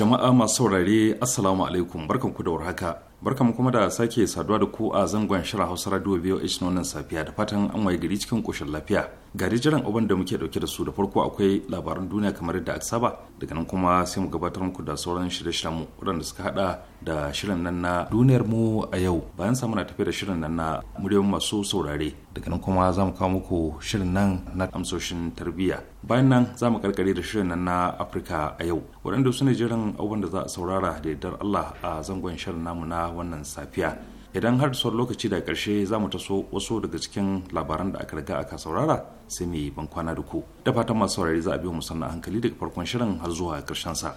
jama'a masu saurare assalamu alaikum barkan ku da warhaka barkan kuma da sake saduwa da ku a zangon shirin hausa radio voh nonon safiya da fatan an waye gari cikin koshin lafiya ga jiran abin da muke dauke da su da farko akwai labaran duniya kamar yadda aka saba daga nan kuma sai mu gabatar muku da sauran shirye-shiryen mu waɗanda suka hada da shirin nan na duniyar mu a yau bayan sa muna tafi da shirin nan na muryoyin masu saurare daga nan kuma za mu kawo muku shirin nan na amsoshin tarbiyya bayan nan za mu karkare da shirin nan na afirka a yau waɗanda su ne jiran abin da za a saurara da yardar allah a zangon shirin namu na wannan safiya idan har son lokaci da karshe za mu taso wasu daga cikin labaran da aka riga aka saurara sai mu yi bankwana da ku da fatan masu saurari za a biyo mu a hankali daga farkon shirin har zuwa karshen sa.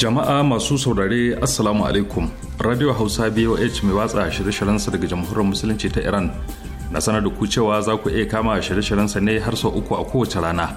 jama'a masu saurare assalamu alaikum radio hausa boh mai watsa shirye shiryen sa daga jamhuriyar musulunci ta iran na sanar da ku cewa za ku iya kama shirye shiryen sa ne har sau uku a kowace rana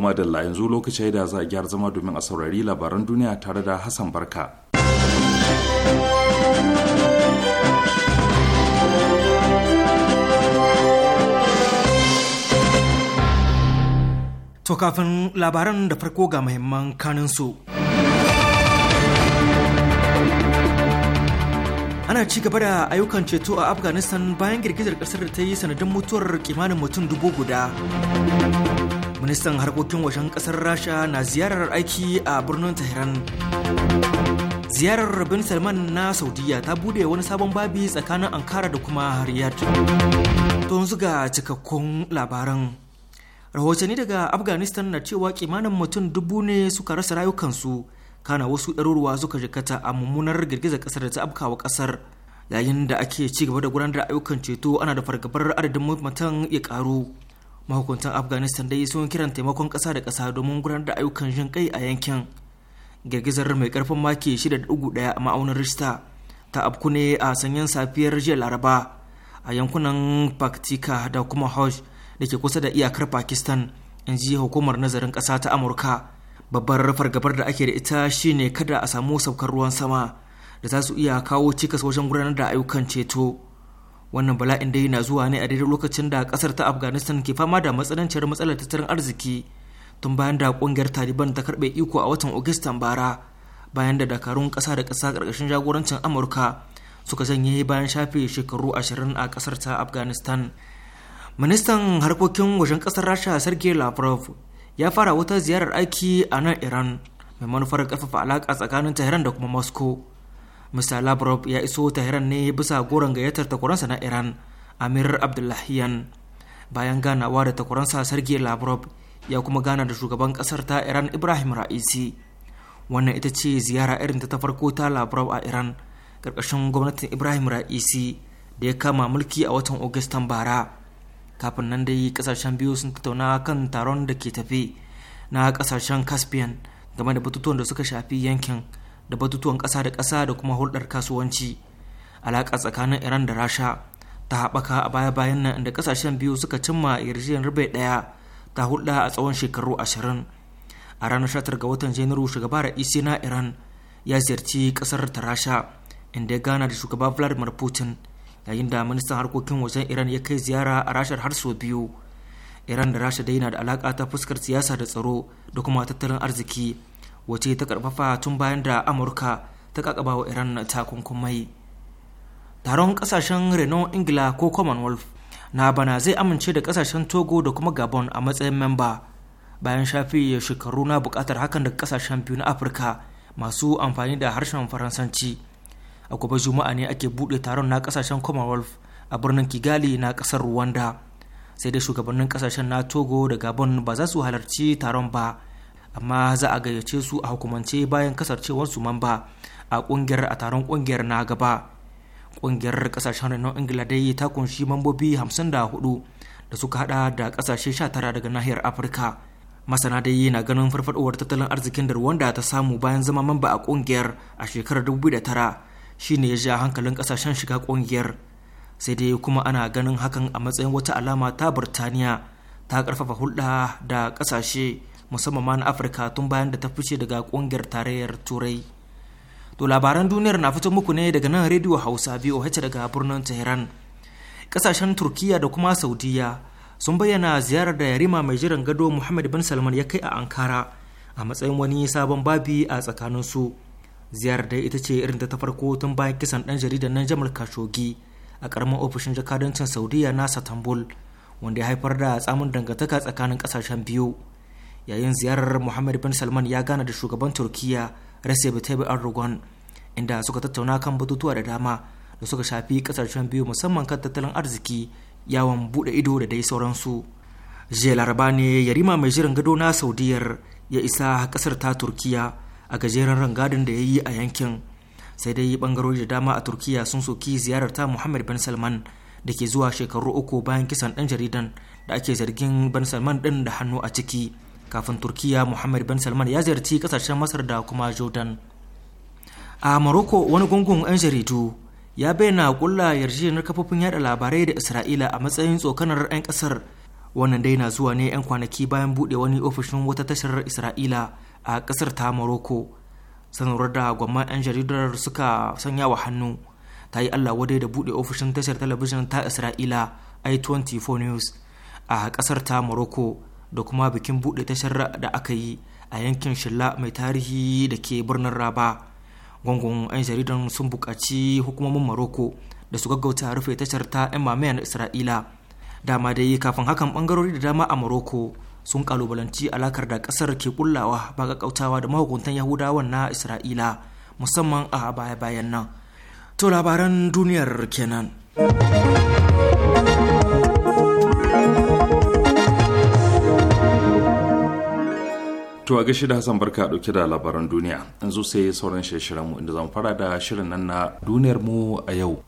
goma madalla yanzu lokaci da za a gyar zama domin a saurari labaran duniya tare da Hassan Barka. To kafin labaran da farko ga muhimman kaninsu. Ana ci gaba da ayyukan ceto a Afghanistan bayan girgizar ƙasar da ta yi sanadin mutuwar kimanin mutum dubu guda. ministan harkokin wajen kasar rasha na ziyarar aiki a birnin tehran ziyarar bin salman na saudiya ta bude wani sabon babi tsakanin ankara da kuma riyadh Tun yanzu ga cikakkun labaran rahotanni daga afghanistan na cewa kimanin mutum dubu ne suka rasa rayukansu kana wasu ɗaruruwa suka jikata a mummunar girgizar kasar da ta afkawa ƙasar yayin da ake ci gaba da gudanar da ayyukan ceto ana da fargabar adadin mutum ya ƙaru mahukuntan afghanistan dai sun kiran taimakon kasa da kasa domin gudanar da ayyukan jin kai a yankin girgizar mai karfin maki 6.1 a ma'aunin rista ta abku ne a sanyin safiyar jiya laraba a yankunan paktika da kuma hajj da ke kusa da iyakar pakistan in ji hukumar nazarin kasa ta amurka babbar fargabar da ake da ita shine kada a samu saukar ruwan sama da za su iya kawo cikas wajen gudanar da ayyukan ceto wannan bala'in dai na zuwa ne a daidai lokacin da kasar ta afghanistan ke fama da matsananciyar matsalar tattalin arziki tun bayan da kungiyar taliban ta karbe iko a watan augustan bara bayan da dakarun kasa da kasa karkashin jagorancin amurka suka janye bayan shafe shekaru ashirin a kasar ta afghanistan ministan harkokin wajen kasar rasha sergei lavrov ya fara wata ziyarar aiki a nan iran mai manufar karfafa alaka tsakanin tehran da kuma moscow Mr. Lavrov ya iso Tehran ne bisa goron gayyatar takwaransa na Iran Amir Abdullahian bayan ganawa da takwaransa Sergei Lavrov ya kuma gana da shugaban kasar ta Iran Ibrahim Ra'isi wannan ita ce ziyara irin ta farko ta Lavrov a Iran karkashin gwamnatin Ibrahim Ra'isi da ya kama mulki a watan ogustan bara kafin nan dai kasashen biyu sun tattauna kan taron da ke tafi na kasashen Caspian game da batutuwan da suka shafi yankin da batutuwan ƙasa da ƙasa da kuma hulɗar kasuwanci alaƙa tsakanin iran da rasha ta haɓaka a baya-bayan nan inda ƙasashen biyu suka cimma yarjejeniyar rubai ɗaya ta hulɗa a tsawon shekaru ashirin a ranar 19 ga watan janairu shugaba ra'isi na iran ya ziyarci ƙasar ta rasha inda ya gana da shugaba vladimir putin yayin da ministan harkokin wajen iran ya kai ziyara a rashar har sau biyu iran da rasha dai na da alaka ta fuskar siyasa da tsaro da kuma tattalin arziki wace ta karfafa tun bayan da amurka ta kakaba wa iran takunkumai taron kasashen renon ingila ko commonwealth na bana zai amince da kasashen togo da kuma gabon a matsayin memba bayan shafi shekaru na bukatar hakan daga kasashen biyu na afirka masu amfani da harshen faransanci a gobe juma'a ne ake buɗe taron na kasashen commonwealth a birnin kigali na kasar rwanda sai dai shugabannin kasashen na togo da gabon ba za su halarci taron ba amma za a gayyace su a hukumance bayan su mamba a kungiyar a taron kungiyar na gaba kungiyar kasashen rainon ingila dai ta kunshi mambobi 54 da suka hada da kasashe 19 daga nahiyar afirka masana dai na ganin farfadowar tattalin arzikin da wanda ta samu bayan zama mamba a kungiyar a shekarar 2009 shine ya ja hankalin kasashen shiga kungiyar sai dai kuma ana ganin hakan a matsayin wata alama ta birtaniya ta karfafa hulɗa da kasashe musamman ma na afirka tun bayan da ta fice daga kungiyar tarayyar turai to labaran duniyar na fito muku ne daga nan rediyo hausa voh daga birnin tehran kasashen turkiya da kuma saudiya sun bayyana ziyarar da yarima mai jiran gado muhammad bin salman ya kai a ankara a matsayin wani sabon babi a tsakanin su ziyarar da ita ce irin ta farko tun bayan kisan dan jaridan nan jamal khashoggi a karamin ofishin jakadancin saudiya na satambul wanda ya haifar da tsamin dangantaka tsakanin kasashen biyu yayin ziyarar muhammad bin salman ya gana da shugaban turkiya recep tayyip erdogan inda suka tattauna kan batutuwa da dama da suka shafi kasashen biyu musamman kan tattalin arziki yawon bude ido da dai sauransu jiya laraba ne yarima mai jiran gado na saudiyar ya isa kasar ta turkiya a gajeren rangadin da ya yi a yankin sai dai bangarori da dama a turkiya sun soki ziyarar ta muhammad bin salman da ke zuwa shekaru uku bayan kisan dan jaridan da ake zargin bin salman din da hannu a ciki kafin turkiya muhammad bin salman ya ziyarci kasashen masar da kuma jordan a morocco wani gungun 'yan jaridu ya bayyana kulla yarjejeniyar kafofin yada labarai da isra'ila a matsayin tsokanar 'yan kasar wannan dai na zuwa ne 'yan kwanaki bayan buɗe wani ofishin wata tashar isra'ila a kasar ta morocco sanarwar da gwamma 'yan jaridar suka sanya wa hannu ta yi allah wadai da buɗe ofishin tashar talabijin ta isra'ila i24 news a kasar ta morocco da kuma bikin buɗe tashar da aka yi a yankin shilla mai tarihi da ke birnin raba gungun 'yan jaridan sun buƙaci hukumomin maroko da su gaggauta rufe tashar ta 'yan mamaya na isra'ila dama dai kafin hakan bangarori da dama a maroko sun kalubalanci alakar da ƙasar ke kullawa ba gaggautawa da mahukuntan yahudawan na isra'ila musamman a baya-bayan nan to labaran duniyar kenan To a gashi da Hassan Barka dauke da labaran duniya. Yanzu sai sauran shirye mu inda zan fara da shirin nan na duniyar mu a yau.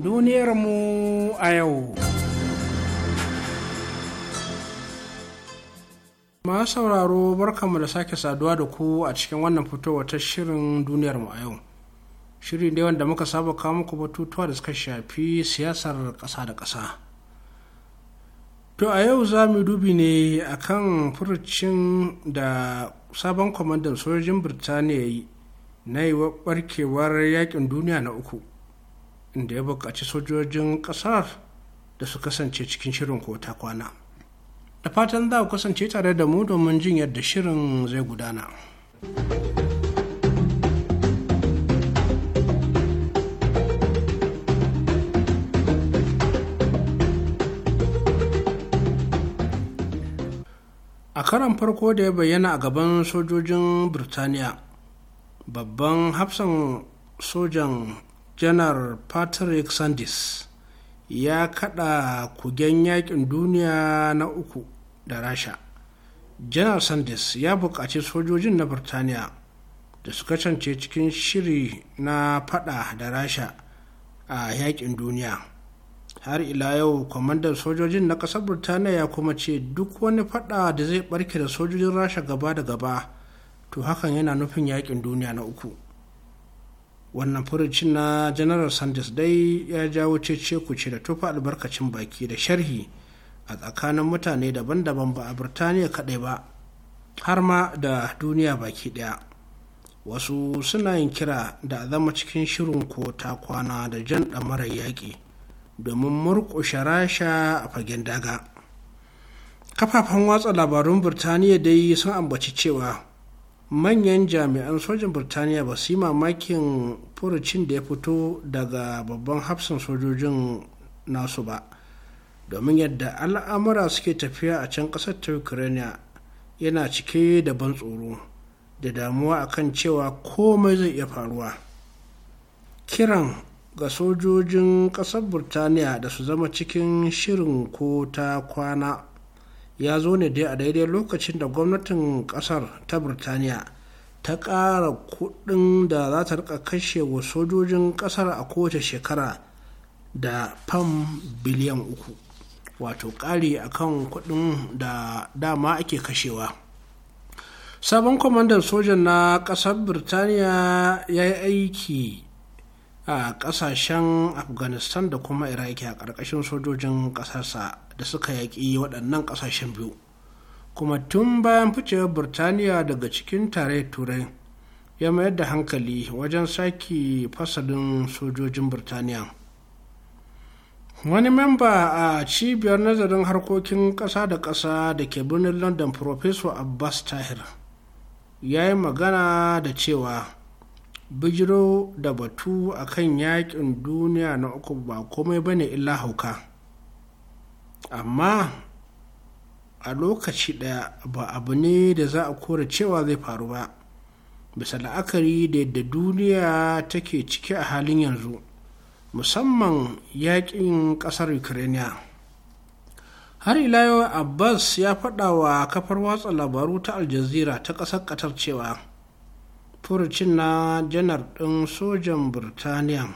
Duniyar mu a yau. Masu sauraro barkamu da sake saduwa da ku a cikin wannan fitowa ta shirin duniyar mu a yau. shiri da wanda muka saba kawo muku batutuwa da suka shafi siyasar ƙasa da ƙasa to a yau za mu dubi ne a kan furucin da sabon kwamandan sojojin birtaniya yi na yi barkewar yakin duniya na uku inda ya buƙaci sojojin ƙasar da su kasance cikin shirin kota kwana da fatan za ku kasance tare da mu domin jin yadda shirin zai gudana. a karan farko da ya bayyana a gaban sojojin birtaniya babban hafsan sojan janar patrick sandis ya kada kugen yakin duniya na uku da rasha janar sandis ya buƙaci sojojin na birtaniya da su kasance cikin shiri na fada da rasha a yakin duniya har ila yau kwamandan sojojin na ƙasar burtaniya ya kuma ce duk wani fada da zai barke da sojojin rasha gaba da gaba to hakan yana nufin yakin duniya na uku wannan furucin na general sanders dai ya jawo cece kuce da tufa albarkacin baki da sharhi a tsakanin mutane daban-daban ba a burtaniya kaɗai ba har ma da duniya baki ɗaya wasu suna yin kira da a zama cikin shirin ko ta kwana da jan ɗamarar yaƙi domin murƙushe rasha a fagen daga kafafen watsa labarun birtaniya dai sun ambaci cewa manyan jami'an sojin birtaniya ba su yi mamakin furucin da ya fito daga babban hafsan sojojin nasu ba domin yadda al'amura suke tafiya a can ƙasar ta ukraine yana cike da ban tsoro da damuwa akan cewa komai zai iya faruwa kiran ga sojojin ƙasar burtaniya da su zama cikin shirin ko ta kwana ya zo ne dai a daidai lokacin da gwamnatin ƙasar ta burtaniya ta ƙara kuɗin da za ta rika kashe wa sojojin ƙasar a kowace shekara da fam biliyan uku wato ƙari kan kuɗin da dama ake kashewa sabon kwamandan sojan na ƙasar burtaniya ya yi aiki a ƙasashen afghanistan da kuma iraki a ƙarƙashin sojojin ƙasarsa da suka yaƙi waɗannan ƙasashen biyu kuma tun bayan ficewar Birtaniya daga cikin tare turai ya mayar da hankali wajen sake fasalin sojojin Birtaniya. wani memba a cibiyar nazarin harkokin ƙasa da ƙasa da ke birnin london professor abbas tahir ya yi magana da cewa bijiro da batu a kan yakin duniya na uku ba komai ba ne illa hauka amma a lokaci ɗaya ba abu ne da za a kore cewa zai faru ba bisa la'akari da yadda duniya take ciki a halin yanzu musamman yakin ƙasar ukraine har ila yau abbas ya faɗa wa kafar watsa labaru ta Aljazeera ta ƙasar ƙatar cewa furucin na janar ɗin sojan burtaniya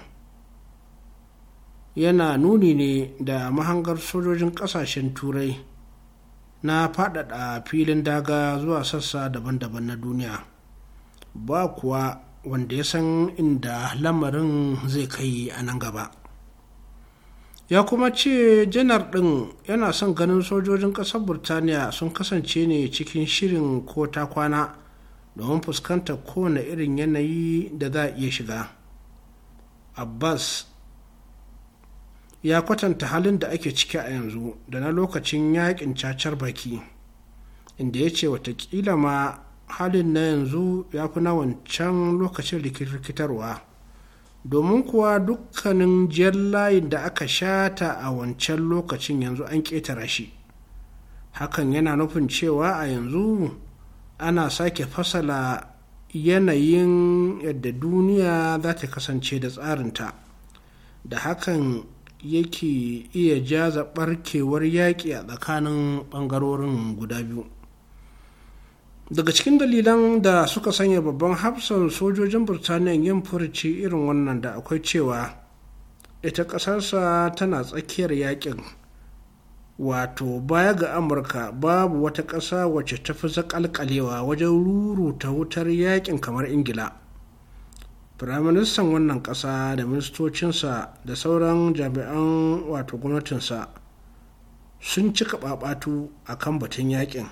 yana nuni ne da mahangar sojojin ƙasashen turai na faɗaɗa filin daga zuwa sassa daban-daban na duniya ba kuwa wanda ya san inda lamarin zai kai a nan gaba ya kuma ce janar ɗin yana son ganin sojojin ƙasar burtaniya sun kasance ne cikin shirin ko ta kwana domin fuskanta kowane irin yanayi da za a iya shiga abbas ya kwatanta halin da ake ciki a yanzu da na lokacin yakin cacar baki inda ya ce watakila ma halin na yanzu ya fi na wancan lokacin rikitarwa domin kuwa dukkanin jiyar layin da aka shata a wancan lokacin yanzu an ƙetara shi hakan yana nufin cewa a yanzu ana sake fasala yanayin yadda duniya za ta kasance da tsarinta da hakan yake iya jaza barkewar yaƙi a tsakanin ɓangarorin guda biyu daga cikin dalilan da suka sanya babban hafsan sojojin birtaniya yin furuci irin wannan da akwai cewa ita ƙasarsa tana tsakiyar yaƙin wato baya ga amurka babu wata ƙasa wacce ta fi zaƙalƙalewa wajen ruruta wutar yakin kamar ingila firaministan wannan ƙasa da ministocinsa da sauran jami'an wato gwamnatinsa sun cika ɓaɓatu a kan batun yakin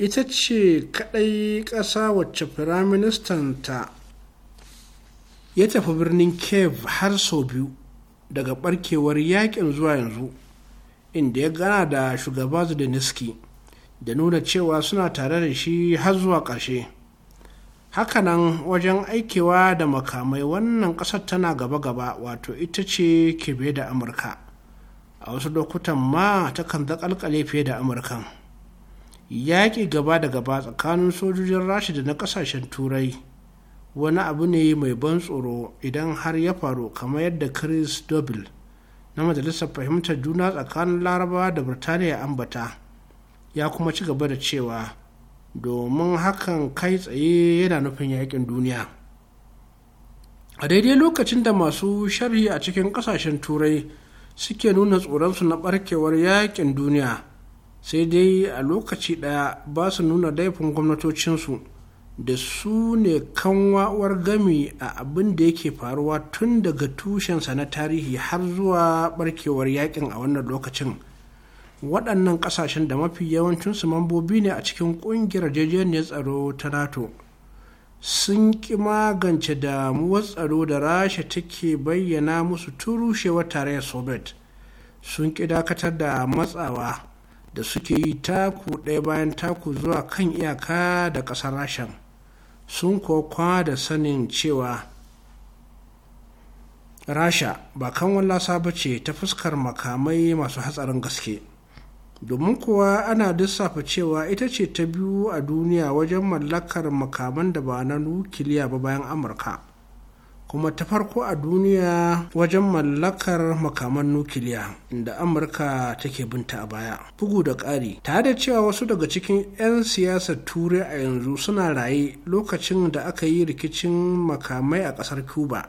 ita ce kaɗai ƙasa wacce firaministan ta ya tafi birnin kev har sau biyu daga ɓarkewar yakin zuwa yanzu inda ya gana da shugaba Zelensky da nuna cewa suna tare da shi har zuwa ƙarshe. Hakanan wajen aikewa da makamai wannan ƙasar tana gaba-gaba wato ita ce kebe da Amurka. A wasu lokutan ma takan zaƙalƙale fiye da Amurkan. Yaƙi gaba da gaba tsakanin sojojin Rashi da na ƙasashen Turai wani abu ne mai ban tsoro idan har ya faru kamar yadda Chris Doble na majalisar fahimtar juna tsakanin larabawa da birtaniya ambata ya kuma ci gaba da cewa domin hakan kai tsaye yana nufin yakin duniya a daidai lokacin da masu sharhi a cikin kasashen turai suke nuna tsoronsu na barkewar yakin duniya sai dai a lokaci ɗaya ba su nuna daifin gwamnatocinsu da su ne kanwa'uwar gami a abin da yake faruwa tun daga tushensa na tarihi har zuwa barkewar yakin a wannan lokacin waɗannan ƙasashen da mafi yawancinsu mambobi ne a cikin ƙungiyar jejeniyar tsaro ta nato sun ƙi magance damuwar tsaro da rasha take bayyana musu turushewar tarayyar soviet sun ƙi dakatar da matsawa da suke yi taku ɗaya bayan taku zuwa kan iyaka da ƙasar rashan sun kuwa da sanin cewa rasha ba kan wallasa ba ce ta fuskar makamai masu hatsarin gaske domin kuwa ana lissafa cewa ita ce ta biyu a duniya wajen mallakar makaman da ba na nukiliya ba bayan amurka kuma ta farko a duniya wajen mallakar makaman nukiliya inda amurka take binta a baya bugu da ƙari ta da cewa wasu daga cikin 'yan siyasar turai a yanzu suna raye lokacin da aka yi rikicin makamai a ƙasar cuba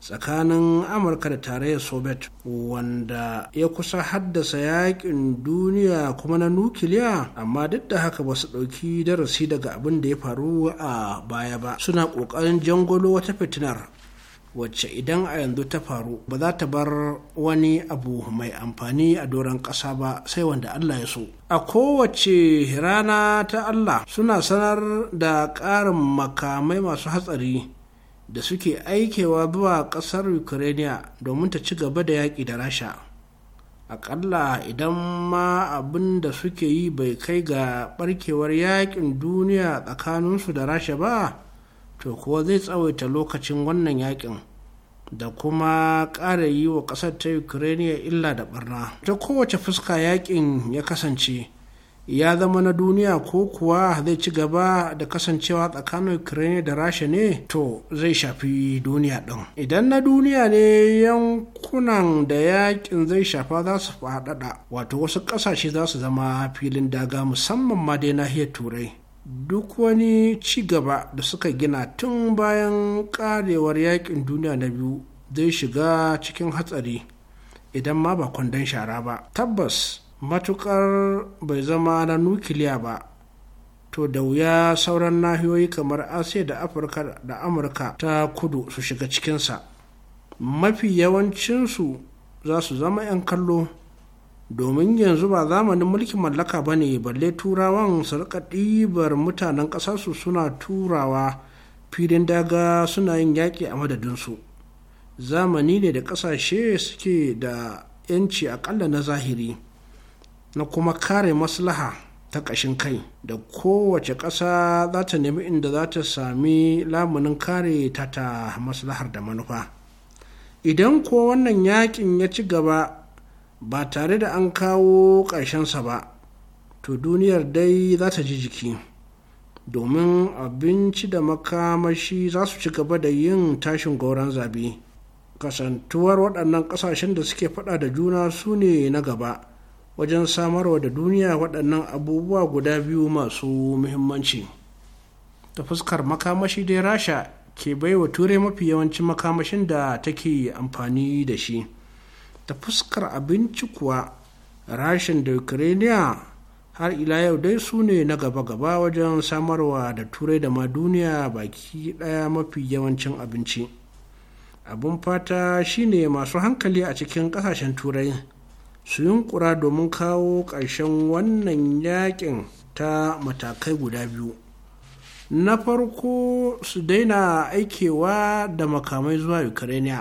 tsakanin amurka da tarayyar soviet wanda ya kusa haddasa yakin duniya kuma na nukiliya amma duk da haka basu su ɗauki darasi daga abin da ya faru a baya ba suna ƙoƙarin jangolo wata fitinar wacce idan a yanzu ta faru ba za ta bar wani abu mai amfani a doron ƙasa ba sai wanda Allah ya so. A kowace rana ta Allah suna sanar da ƙarin makamai masu hatsari da suke aikewa zuwa ƙasar Ukraine domin ta ci gaba da yaƙi da Rasha. Aƙalla idan ma abin da suke yi bai kai ga ɓarkewar yaƙin duniya tsakaninsu da Rasha ba. to kuwa zai tsawaita lokacin wannan yakin da kuma ƙara yi wa ƙasar ta ukraine illa da barna ta kowace fuska yakin ya kasance ya zama na duniya ko kuwa zai ci gaba da kasancewa tsakanin ukraine da rasha ne to zai shafi duniya ɗin idan na duniya ne yankunan da yakin zai shafa za su faɗaɗa wato wasu ƙasashe za su zama filin daga musamman ma dai nahiyar turai duk wani ci gaba da suka gina tun bayan karewar yakin duniya na biyu zai shiga cikin hatsari idan ma ba kwandon shara ba tabbas matukar bai zama na nukiliya ba to da wuya sauran nahiyoyi kamar asiya da afirka da amurka ta kudu su shiga cikinsa mafi yawancinsu za su zama 'yan kallo domin yanzu ba zamanin mulkin mallaka ba ne balle turawan su rika ɗibar mutanen ƙasarsu suna turawa filin daga suna yin yaƙi a madadinsu zamani ne da ƙasashe suke da 'yanci aƙalla na zahiri na kuma kare maslaha ta ƙashin kai da kowace ƙasa za ta nemi inda za ta sami lamunin kare ta ta maslahar da manufa idan ko wannan yaƙin ya ci gaba ba tare da an kawo ƙarshensa ba to duniyar dai za ta ji jiki domin abinci da makamashi za su ci gaba da yin tashin gauran zabe kasantuwar waɗannan ƙasashen da suke faɗa da juna su ne na gaba wajen samarwa da duniya waɗannan abubuwa guda biyu masu muhimmanci ta fuskar makamashi dai rasha ke baiwa turai mafi yawancin makamashin da take amfani da shi. ta fuskar abinci kuwa rashin da ukraine har ila yau dai su ne na gaba-gaba wajen samarwa da turai da ma duniya baki daya mafi yawancin abinci abin fata shine masu hankali a cikin kasashen turai su yunkura domin kawo ƙarshen wannan yakin ta matakai guda biyu na farko su daina aikewa da makamai zuwa ukraine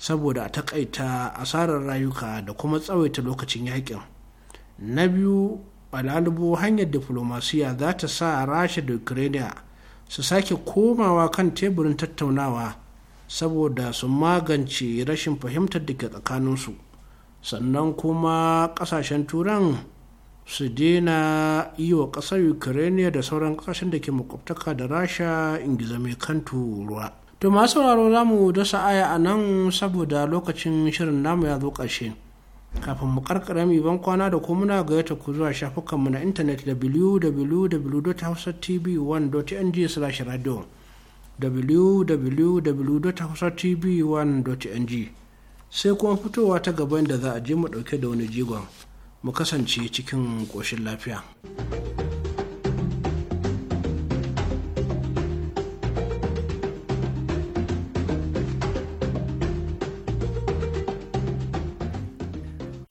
saboda a takaita asarar rayuka da kuma tsawaita lokacin yakin na biyu alalibo hanyar diflomasiya za ta sa rasha da ukraine su sake komawa kan teburin tattaunawa saboda su magance rashin fahimtar da ke tsakaninsu sannan kuma kasashen turan su daina yi wa ƙasar ukraine da sauran ƙasashen da ke makwabtaka da rasha ingizami kantu ruwa to masu sauraro za mu dasa aya a nan saboda lokacin shirin namu ya zo ƙarshe kafin mu karkara mu ban kwana da kuma muna gayyata ku zuwa shafukanmu na intanet www.hausatv1.ng/radio www.hausatv1.ng sai kuma fitowa ta gaba da za a je mu dauke da wani jigon mu kasance cikin koshin lafiya.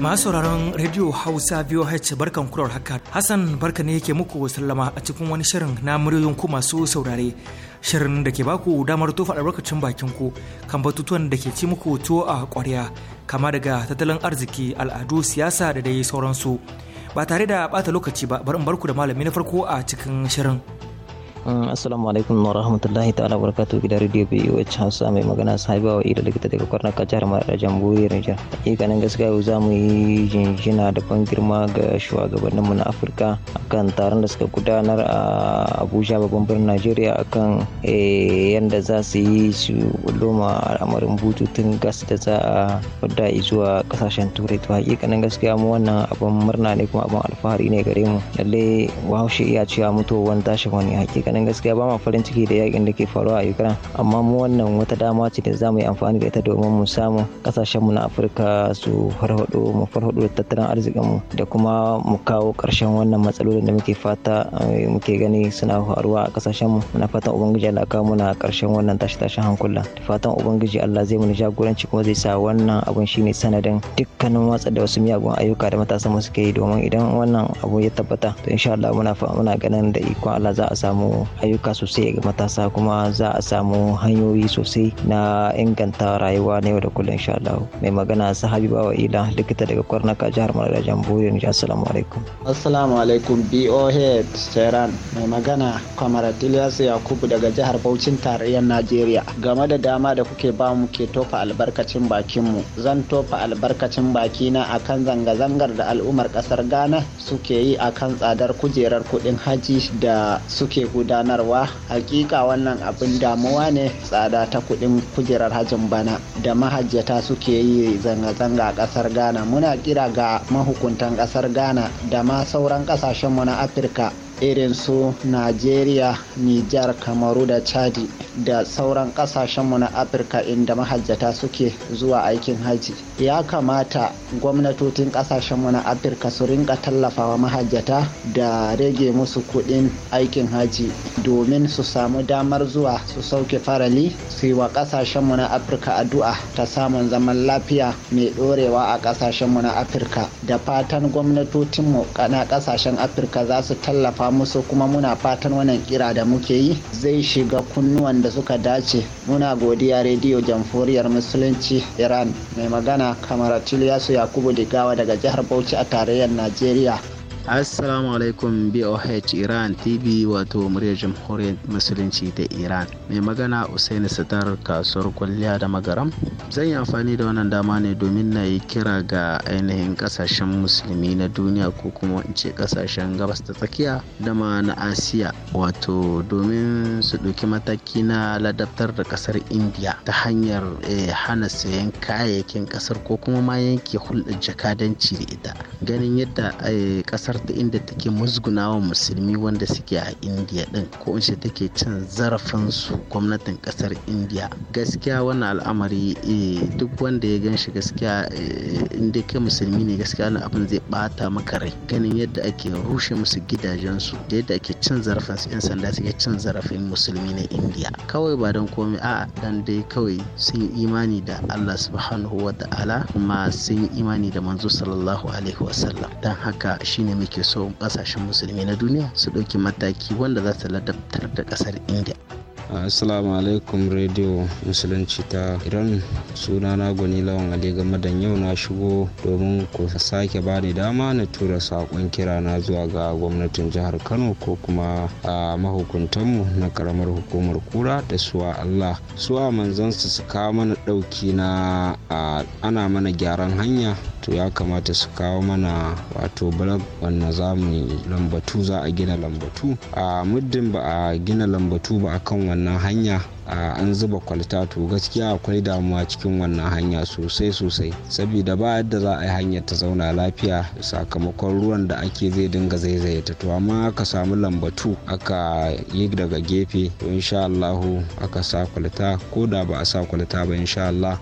Masu sauraron Radio Hausa VOH barkan kurar haka. Hassan barka ne yake muku sallama a cikin wani shirin na muryoyin ku masu saurare. Shirin da ke baku damar tofa albarkacin bakin ku kan batutuwan da ke ci muku tuwo a kwarya kama daga tattalin arziki, al'adu, siyasa da dai sauransu. Ba tare da bata lokaci ba bari in barku da malami na farko a cikin shirin. Hmm, assalamu alaikum wa rahmatullahi ta'ala barakatu gidan radio BOH Hausa mai magana sahiba wa ila likita daga kwarna kajar mara jamhuriyar Nijar. Hakikanin gaskiya yau za mu yi jinjina da ban girma ga mu na Afirka akan taron da suka gudanar a ah, Abuja babban birnin Najeriya akan eh, yanda za su yi su loma al'amarin bututun gas da za a ah, wadda zuwa kasashen turai to hakikanin gaskiya mu wannan abin murna kuma abin alfahari ne gare mu lalle wahaushe iya cewa wani tashi wani hakika hakikanin gaskiya ba ma farin ciki da yakin da ke faruwa a Ukraine amma mu wannan wata dama ce da za mu yi amfani da ita domin mu samu kasashen mu na Afirka su farfado mu farfado da tattalin arzikin mu da kuma mu kawo ƙarshen wannan matsalolin da muke fata eh, muke gani suna faruwa a kasashen mu muna fatan ubangiji Allah kawo muna ƙarshen wannan tashi tashin hankula da fatan ubangiji Allah zai mu jagoranci kuma zai sa wannan abun shine sanadin dukkanin watsa da wasu miyagun ayyuka da matasa mu suke yi domin idan wannan abu ya tabbata to insha Allah muna muna ganin da ikon Allah za a samu ayyuka sosai ga matasa kuma za a samu hanyoyi sosai na inganta rayuwa na yau da kullum insha Allah mai magana sahabi wa ila likita daga kwarnaka jihar Marada Jamhuriyar Nijar assalamu alaikum assalamu alaikum BOH Tehran mai magana Kwamarat Ilyas Yakubu daga jihar Bauchin tarayyar Najeriya game da dama da kuke ba mu ke tofa albarkacin bakin mu zan tofa albarkacin baki bakina akan zanga-zangar da al'ummar kasar Ghana suke yi akan tsadar kujerar kudin haji da suke gudu gudanarwa hakika wannan abin damuwa ne tsada ta kuɗin kujerar hajjin bana da mahajjata suke yi zanga-zanga a ƙasar ghana muna kira ga mahukuntan ƙasar ghana da ma sauran ƙasashenmu na afirka irin su Najeriya, Nijar, Kamaru da Chadi da sauran kasashenmu na Afirka inda mahajjata suke zuwa aikin haji. Ya kamata gwamnatocin kasashenmu na Afirka su rinka tallafawa mahajjata da rage musu kuɗin aikin haji domin su samu damar zuwa su sauke farali su yi wa kasashenmu na Afirka addu'a ta samun zaman lafiya mai ɗorewa a kasashenmu na Afirka da fatan gwamnatocinmu na kasashen Afirka za su tallafa musu kuma muna fatan wannan kira da muke yi zai shiga kunnuwan da suka dace muna godiya rediyo jamhuriyar musulunci iran mai magana kamar tiliyasu yakubu digawa daga jihar bauchi a tarayyar najeriya assalamu alaikum boh iran tv wato muryar jamhuriyar musulunci da iran mai magana usaini sadar kasuwar kwalliya da magaram zan yi amfani da wannan dama ne domin na yi kira ga ainihin kasashen musulmi na duniya ko kuma in ce kasashen gabas ta tsakiya da ma na asiya wato domin su ɗauki mataki na ladabtar da kasar indiya ta hanyar eh, hana sayan kayayyakin kasar ko kuma ma yanke hulɗar jakadanci da ita ganin yadda kasar eh, ta inda take musgunawa musulmi wanda suke a indiya din ko in ce take cin zarafin su gwamnatin kasar indiya gaskiya wannan al'amari eh, duk wanda ya gan shi gaskiya eh, inda kai musulmi ne gaskiya na abin zai bata maka rai ganin yadda ake rushe musu gidajensu da yadda ake cin zarafin su yan sanda suke cin zarafin musulmi na indiya kawai ba don komai a'a dan dai kawai sun yi imani da allah subhanahu wa ta'ala kuma sun yi imani da manzo sallallahu alaihi wasallam don haka shine ke so kasashen musulmi na duniya su ɗauki mataki wanda za su ladabtar da ƙasar india assalamu alaikum radio musulunci ta iran suna na gwani lawan ali game da yau na shigo domin ku sake bani dama na tura saƙon kira na zuwa ga gwamnatin jihar kano ko kuma a mahukuntanmu na karamar hukumar kura da suwa allah suwa manzansu su kawo mana ɗauki na ana mana gyaran hanya to ya kamata su kawo mana wato blog wanda za mu lambatu za a gina lambatu a muddin ba a gina lambatu ba akan wani nó hanya an zuba kwalta to gaskiya akwai damuwa cikin wannan hanya sosai sosai saboda ba yadda za a yi hanyar ta zauna lafiya sakamakon ruwan da ake zai dinga zaizaye ta to amma aka samu lambatu aka yi daga gefe to insha Allahu aka sa kwalta ko da ba a sa kwalta ba insha Allah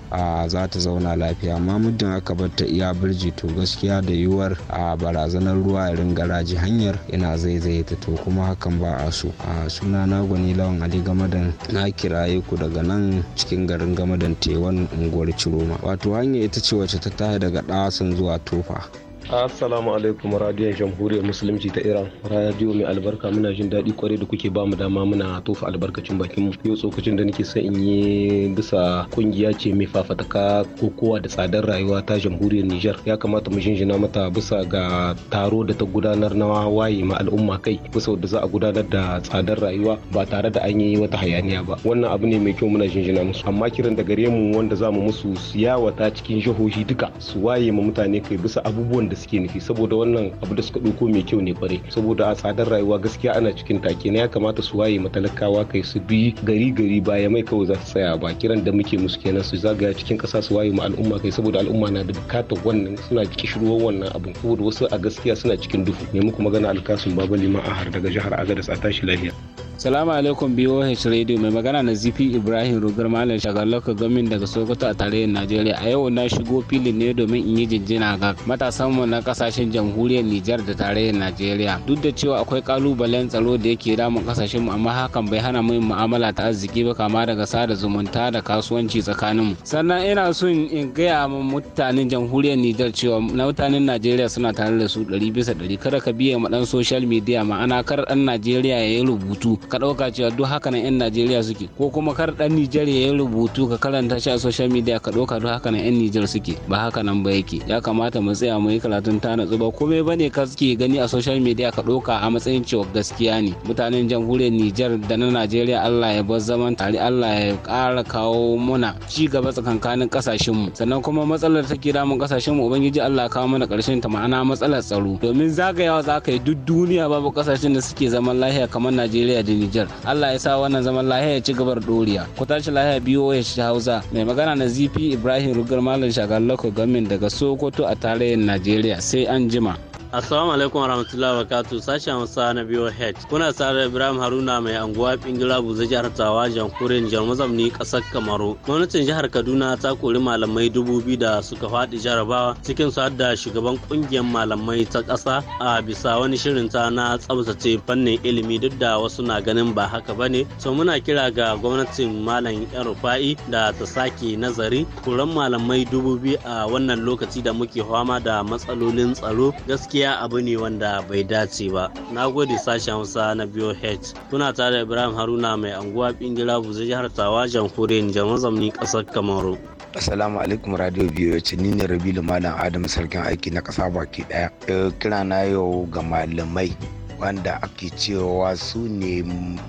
za ta zauna lafiya amma muddin aka bar ta iya birji to gaskiya da yiwuwar a barazanar ruwa ya ringa raji hanyar yana zaizaye ta to kuma hakan ba a so a suna na gwani lawan Ali Gamadan na kira ku daga nan cikin garin gama tewan unguwar ciroma wato hanya ita ce wacce ta tahi daga sun zuwa tofa Assalamu alaikum radiyon jamhuriyar musulunci ta Iran. Radiyo mai albarka muna jin daɗi kwarai da kuke bamu dama muna tofa albarkacin bakin mu. Yau tsokacin da nake son in yi bisa kungiya ce mai fafataka kokowa da tsadar rayuwa ta jamhuriyar Nijar. Ya kamata mu jinjina mata bisa ga taro da ta gudanar na waye ma al'umma kai bisa da za a gudanar da tsadar rayuwa ba tare da an yi wata hayaniya ba. Wannan abu ne mai kyau muna jinjina musu. Amma kiran da gare mu wanda za mu musu yawata cikin jihohi duka su waye ma mutane kai bisa abubuwan da suke nufi saboda wannan abu da suka ɗauko mai kyau ne kwarai saboda a tsadar rayuwa gaskiya ana cikin take na ya kamata su waye matalakawa kai su bi gari gari baya mai kawai za su tsaya ba kiran da muke musu kenan su zagaya cikin ƙasa su waye ma al'umma kai saboda al'umma na da bukatar wannan suna kishirwar wannan abu saboda wasu a gaskiya suna cikin duhu ne muku magana alkasun babali har daga jihar agadas a tashi lafiya Salamu alaikum BOH Radio mai magana na Zifi Ibrahim Rugar Malam Shagalaka Gamin daga Sokoto a tarayyar Najeriya. A yau na shigo filin ne domin in yi jinjina ga matasan mu na kasashen jamhuriyar Nijar da tarayyar Najeriya. Duk da cewa akwai kalubalen tsaro da yake damun kasashen mu amma hakan bai hana mu mu'amala ta arziki ba kama daga sada zumunta da kasuwanci tsakanin mu. Sannan ina son in gaya ma mutanen jamhuriyar Nijar cewa na mutanen Najeriya suna tare da su ɗari bisa ɗari kada ka biya ma ɗan social media ma'ana kar ɗan Najeriya ya yi rubutu ka ɗauka cewa duk haka nan 'yan Najeriya suke ko kuma kar ɗan Nijar ya yi rubutu ka karanta shi a social media ka ɗauka duk haka nan 'yan Nijar suke ba haka nan ba yake ya kamata mu tsaya mu yi talatin ta natsu ba komai bane ka ke gani a social media ka doka a matsayin cewa gaskiya ne mutanen jamhuriyar Nijar da na Najeriya Allah ya bar zaman tare Allah ya kara kawo muna ci gaba tsakankanin mu sannan kuma matsalar ta kira mun mu ubangiji Allah ya kawo mana karshen ta ma'ana matsalar tsaro domin zagayawa za ka yi duk duniya babu kasashen da suke zaman lahiya kamar Najeriya da Nijar Allah ya sa wannan zaman lahiya ya ci gaba da doriya ku tashi lahiya biyo ya ci Hausa mai magana na ZP Ibrahim Rugar Malam shagallako Gamin daga Sokoto a tarayyar Najeriya. najeriya sai an jima. Assalamu alaikum warahmatullahi wabarakatuh sashen Hausa na BOH. Kuna tsara Ibrahim Haruna mai anguwa bingila Buza jihar Tawa jamhuriyar jihar Mazamni kasar Kamaru. Gwamnatin jihar Kaduna ta kori malamai dubu biyu da suka faɗi jarabawa cikin su da shugaban kungiyar malamai ta ƙasa a bisa wani shirin ta na tsabtace fannin ilimi duk da wasu na ganin ba haka ba ne. So muna kira ga gwamnatin Malam Yan da ta sake nazari kuran malamai dubu biyu a wannan lokaci da muke fama da matsalolin tsaro gaskiya gaskiya abu ne wanda bai dace ba na gode sashen hausa na biyo h kuna tare da ibrahim haruna mai anguwa bingila buzu jihar tawa jamhuriyar jama'a zamani kasar kamaru Assalamu alaikum radio yace ni ne Rabilu Malam Adam sarkin aiki na kasa baki daya. Eh, kira na yau ga malamai wanda ake cewa su ne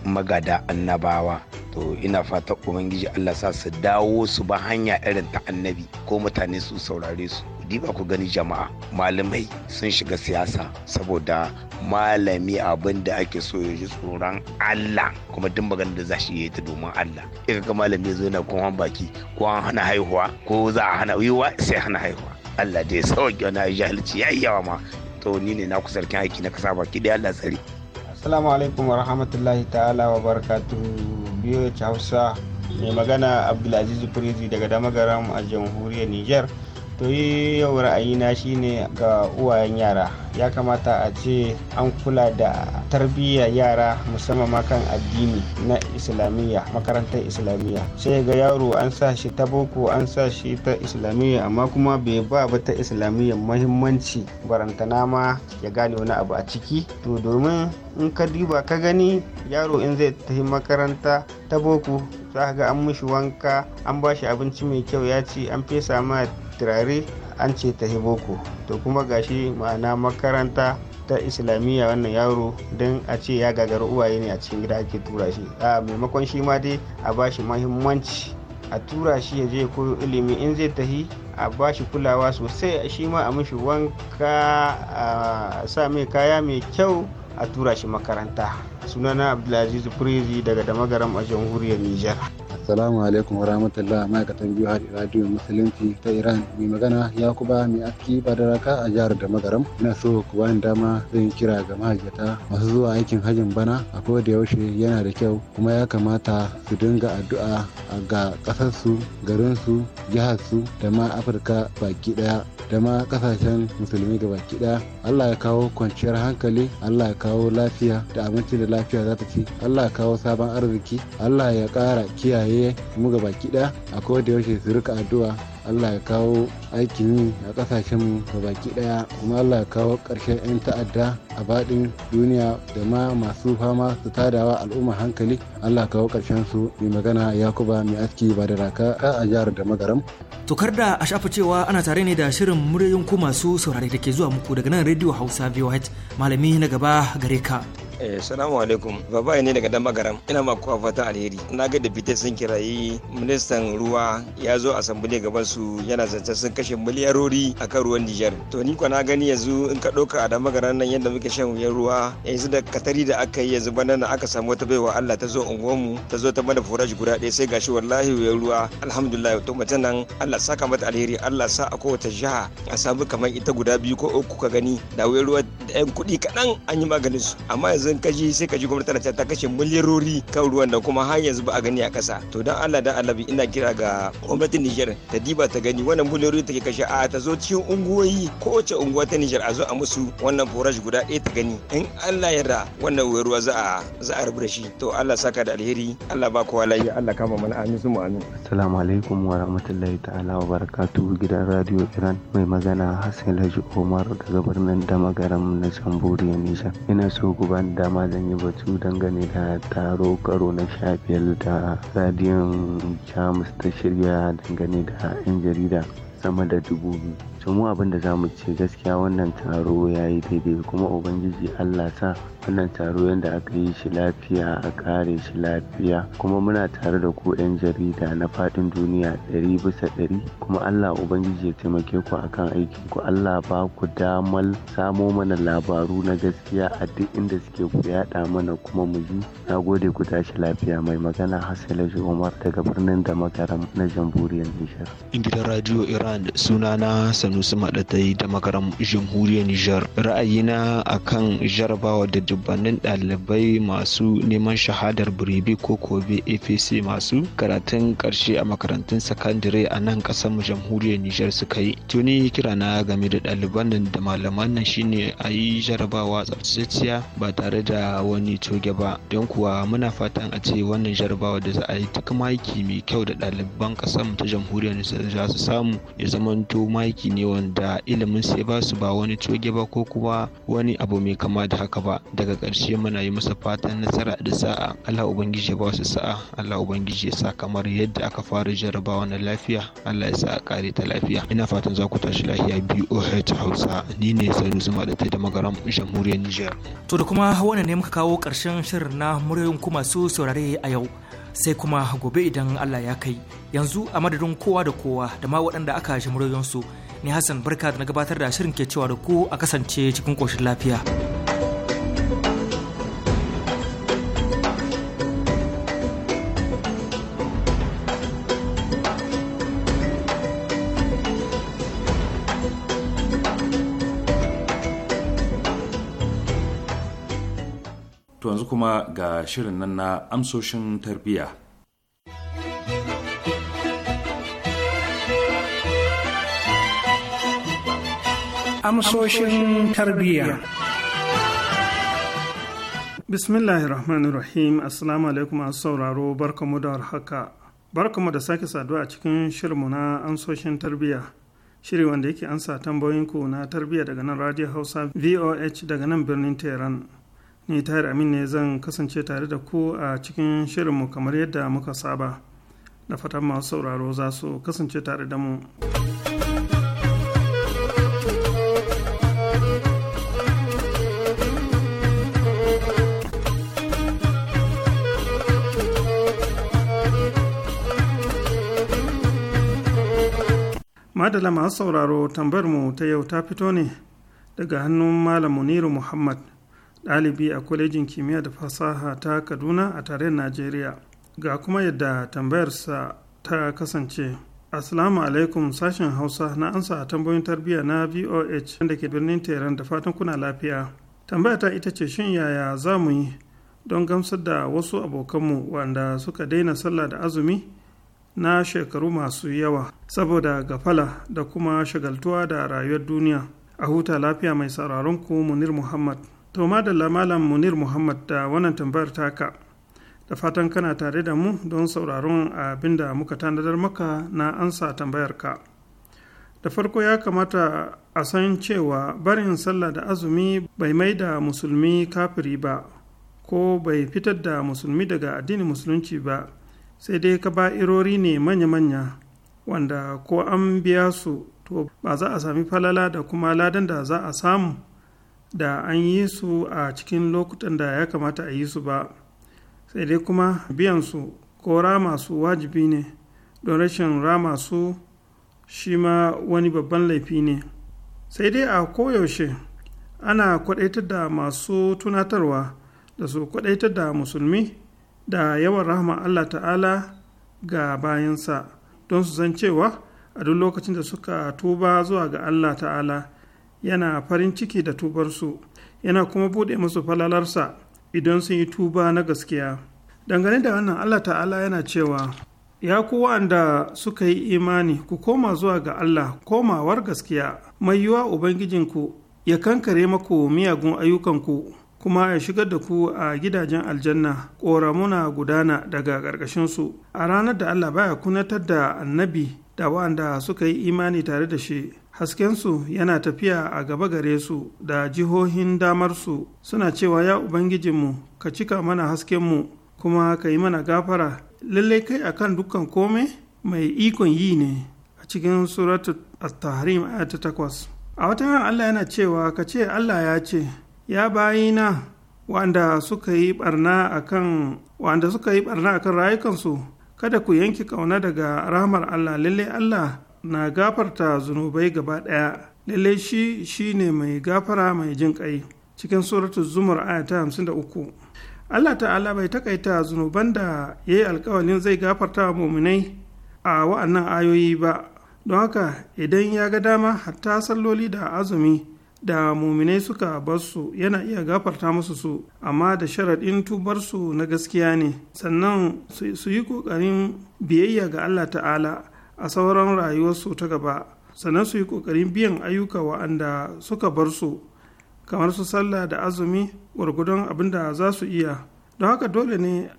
magada annabawa to ina fata ubangiji allah sa su dawo su ba hanya irin ta annabi ko mutane su saurare su diba ku gani jama'a malamai sun shiga siyasa saboda malami abin da ake so ya ji tsoron allah kuma duk magana da za shi yi ta domin allah ika ga malami zo na kuma baki ko an hana haihuwa ko za a hana wiwa sai hana haihuwa allah dai sauki wani jahilci ya yi yawa ma so ni ne na kusa sarkin aiki na kasa baki Da Allah tsare assalamu alaikum wa rahmatullahi ta'ala wa barakatuhu biyo hausa mai magana abdulaziz firizi daga damagaram a jamhuriyar niger to yi yau ra'ayina shine ga uwayen yara ya kamata a ce an kula da tarbiyyar yara musamman ma kan addini na islamiyya makarantar islamiyya sai ga yaro an sa shi ta boko an sa shi ta islamiyya amma kuma bai ba ba ta islamiyya mahimmanci barantana ma ya gane wani abu a ciki to domin in ka duba ka gani yaro in zai tafi makaranta ta boko za ga an mishi wanka an ba shi abinci mai kyau ya ci an fesa mai turare an ce ta boko to kuma gashi ma'ana makaranta ta islamiyya wannan yaro don a ce ya gagara uwaye ne a cikin gida ake tura shi a maimakon shi ma dai a ba shi mahimmanci a tura shi ya je koyo ilimi in zai tahi a ba shi kulawa sosai shi ma a mishi wanka a sa mai kaya mai kyau a tura shi makaranta sunana abdulaziz prezi daga damagaram a jamhuriyar nijar Assalamu alaikum wa rahmatullah ma'aikatan biyu har radio musulunci ta Iran mai magana ya kuba mai aski badaraka a jihar da magaram ina so ku ba ni dama zan kira ga mahajjata masu zuwa aikin hajjin bana a da yaushe yana da kyau kuma ya kamata su dinga addu'a ga ƙasarsu garinsu jiharsu da ma Afirka baki daya da ma kasashen musulmi ga baki daya. Allah ya kawo kwanciyar hankali Allah ya kawo lafiya da abinci da lafiya za ta ci Allah ya kawo sabon arziki Allah ya kara kiyaye ne mu ga baki ɗaya a kowace yaushe su rika addu'a Allah ya kawo aikin yi a ƙasashen mu ga baki ɗaya kuma Allah ya kawo ƙarshen 'yan ta'adda a baɗin duniya da ma masu fama su tadawa al'umma hankali Allah ya kawo karshen su mai magana Yakuba mai aski ba da raka a jihar da magaram. Tokar da a shafa cewa ana tare ne da shirin muryoyin ku masu saurare da ke zuwa muku daga nan rediyo Hausa VOH malami na gaba gare ka. Eh, salamu alaikum. Baba ne daga Damagaram. Ina ma kowa fata alheri. Na ga da fita sun kirayi ministan ruwa ya zo a asambile gaban su yana zance sun kashe miliyarori kan ruwan Nijar. To ni kwa na gani yanzu in ka ɗauka a Damagaram nan yadda muke shan wuyan ruwa yanzu da katari da aka yi yanzu bana aka samu wata baiwa Allah ta zo mu ta zo ta mana furaji guda ɗaya sai gashi wallahi wuyan ruwa alhamdulillah to mace nan Allah saka mata alheri Allah sa a kowace jiha a samu kamar ita guda biyu ko uku ka gani da wuyan ruwa da 'yan kuɗi kaɗan an yi maganin su amma yanzu yanzu ka ji sai ka ji gwamnati tana ta kashe miliyarori kan ruwan nan kuma har yanzu ba a gani a ƙasa to dan Allah dan Allah ina kira ga gwamnatin Niger ta diba ta gani wannan miliyarori take kashe a ta zo cikin unguwoyi kowace unguwa ta Niger a zo a musu wannan forage guda ɗaya ta gani in Allah ya wannan wayar ruwa za a za a rubuta shi to Allah saka da alheri Allah ba kowa lafiya Allah kama mana amin su mu amin assalamu alaikum wa rahmatullahi ta'ala wa barakatuhu gidan radio Iran mai magana Hassan Laji Omar daga birnin Damagaram na Jamhuriyar Niger ina so ku bani dama zan yi batu dangane da taro karo na shafiyar biyar da radiyon jamus ta shirya dangane da 'yan jarida sama da dubu biyu to mu abin da za mu ce gaskiya wannan taro ya yi daidai kuma ubangiji allah sa wannan taro yadda aka yi shi lafiya a kare shi lafiya kuma muna tare da ku 'yan jarida na fadin duniya ɗari bisa ɗari kuma allah ubangiji ya taimake ku akan aikin ku allah ba ku damar samo mana labaru na gaskiya a duk inda suke ku yaɗa mana kuma mu ji na gode ku tashi lafiya mai magana hasalaji umar daga birnin da makaram na jamhuriyar nijar gidan radio iran sunana sanusi maɗatai da makaram jamhuriyar nijar ra'ayina akan jarabawa da dubbannin ɗalibai masu neman shahadar biribi ko kobe apc masu karatun karshe a makarantun sakandare a nan kasar mu jamhuriyar nijar suka yi tuni kira na game da daliban nan da malaman nan shine a yi jarabawa tsaftatacciya ba tare da wani toge ba don kuwa muna fatan a ce wannan jarabawa da za a yi duk maki mai kyau da ɗaliban kasar ta jamhuriyar nijar za su samu ya zamanto maiki ne wanda ilimin sai ba su ba wani toge ba ko kuma wani abu mai kama da haka ba daga ƙarshe muna yi masa fatan nasara da sa'a Allah ubangiji ba su sa'a Allah ubangiji ya sa kamar yadda aka fara jarabawa na lafiya Allah ya sa a kare ta lafiya ina fatan za ku tashi lafiya BOH Hausa ni ne Sanusi zuma da Magaram Jamhuriyar niger. to da kuma wannan ne muka kawo ƙarshen shirin na muryoyin ku masu saurare a yau sai kuma gobe idan Allah ya kai yanzu a madadin kowa da kowa da ma waɗanda aka shi muryoyinsu ne Hassan barka da na gabatar da shirin ke cewa da ku a kasance cikin koshin lafiya. kuma ga shirin nan na amsoshin tarbiyya. Amsoshin tarbiyya. Rahim Assalamu alaikum masu sauraro barkamu da warhaka. Barkamu da sake saduwa a cikin shirinmu na amsoshin tarbiyya. Shiri wanda yake ansa tambayoyinku na tarbiyya daga nan Radio Hausa VOH daga nan birnin Tehran. ni tahir amin ne zan kasance tare da ku a cikin shirinmu kamar yadda muka saba da fatan masu sauraro za su kasance tare da mu madala masu sauraro tambayar mu ta yau ta fito ne daga hannun malam muniru muhammad ɗalibi a kwalejin kimiyya da fasaha ta kaduna a tarayyar najeriya ga kuma yadda tambayarsa ta kasance asalamu alaikum sashen hausa na ansa a tambayoyin tarbiyya na voh da ke birnin teran da fatan kuna lafiya tambaya ta ita ce shin yaya za mu yi don gamsar da wasu abokanmu wanda suka daina sallah da azumi na shekaru masu yawa saboda gafala da kuma shagaltuwa da rayuwar duniya a huta lafiya mai sauraron ku munir muhammad to madalla malam munir muhammad da wannan tambayar taka da fatan kana tare da mu don sauraron abin da muka tanadar maka na ansa tambayar ka da farko ya kamata a san cewa barin sallah da azumi bai mai da musulmi kafiri ba ko bai fitar da musulmi daga addinin musulunci ba sai dai ka ba irori ne manya-manya wanda ko an biya su to ba za a sami falala da kuma ladan da za a samu da an yi su a cikin lokutan da ya kamata a yi su ba sai dai kuma biyan su ko rama su wajibi ne don rashin rama su shi ma wani babban laifi ne sai dai a koyaushe ana kwadaitar da masu tunatarwa da su kwadaitar da musulmi da yawan rahama allah ta'ala ga bayansa don su san cewa a duk lokacin da suka tuba zuwa ga allah ta'ala yana farin ciki da tubarsu yana kuma buɗe musu falalarsa idan sun yi tuba na gaskiya dangane da wannan allah ta'ala yana cewa ya ku wa'anda suka yi imani ku koma zuwa ga allah komawar gaskiya mai yiwa ubangijinku ya kankare maku miyagun ayyukanku kuma ya shigar da ku a gidajen aljanna ƙoramuna gudana daga ƙarƙashinsu a ranar da allah baya kunatar da annabi da wa'anda suka yi imani tare da shi haskensu yana tafiya a gaba gare su da jihohin damarsu suna cewa ya ubangijinmu ka cika mana haskenmu kuma ka yi mana gafara lallai kai a kan dukkan kome mai ikon yi ne a cikin suratu at-tahrim ta takwas a wata Allah yana cewa ka ce Allah ya ce ya bayina wanda suka yi barna a kan rayukansu kada ku yanke kauna daga rahmar Allah lallai Allah na gafarta zunubai gaba ɗaya lalle shi ne mai gafara mai jin ƙai cikin suratul zumar aya ta uku. Allah ta'ala bai takaita zunuban da ya yi alkawalin zai gafarta muminai a wa'annan ayoyi ba don haka idan ya ga dama hatta salloli da azumi da muminai suka barsu yana iya gafarta musu su amma da sharaɗin tubarsu na gaskiya ne sannan su yi ƙoƙarin biyayya ga Allah ta'ala a sauran rayuwarsu ta gaba sannan su yi ƙoƙarin biyan ayyuka wa'anda suka bar su kamar su sallah da azumi gwargwadon abin da za su iya don haka dole ne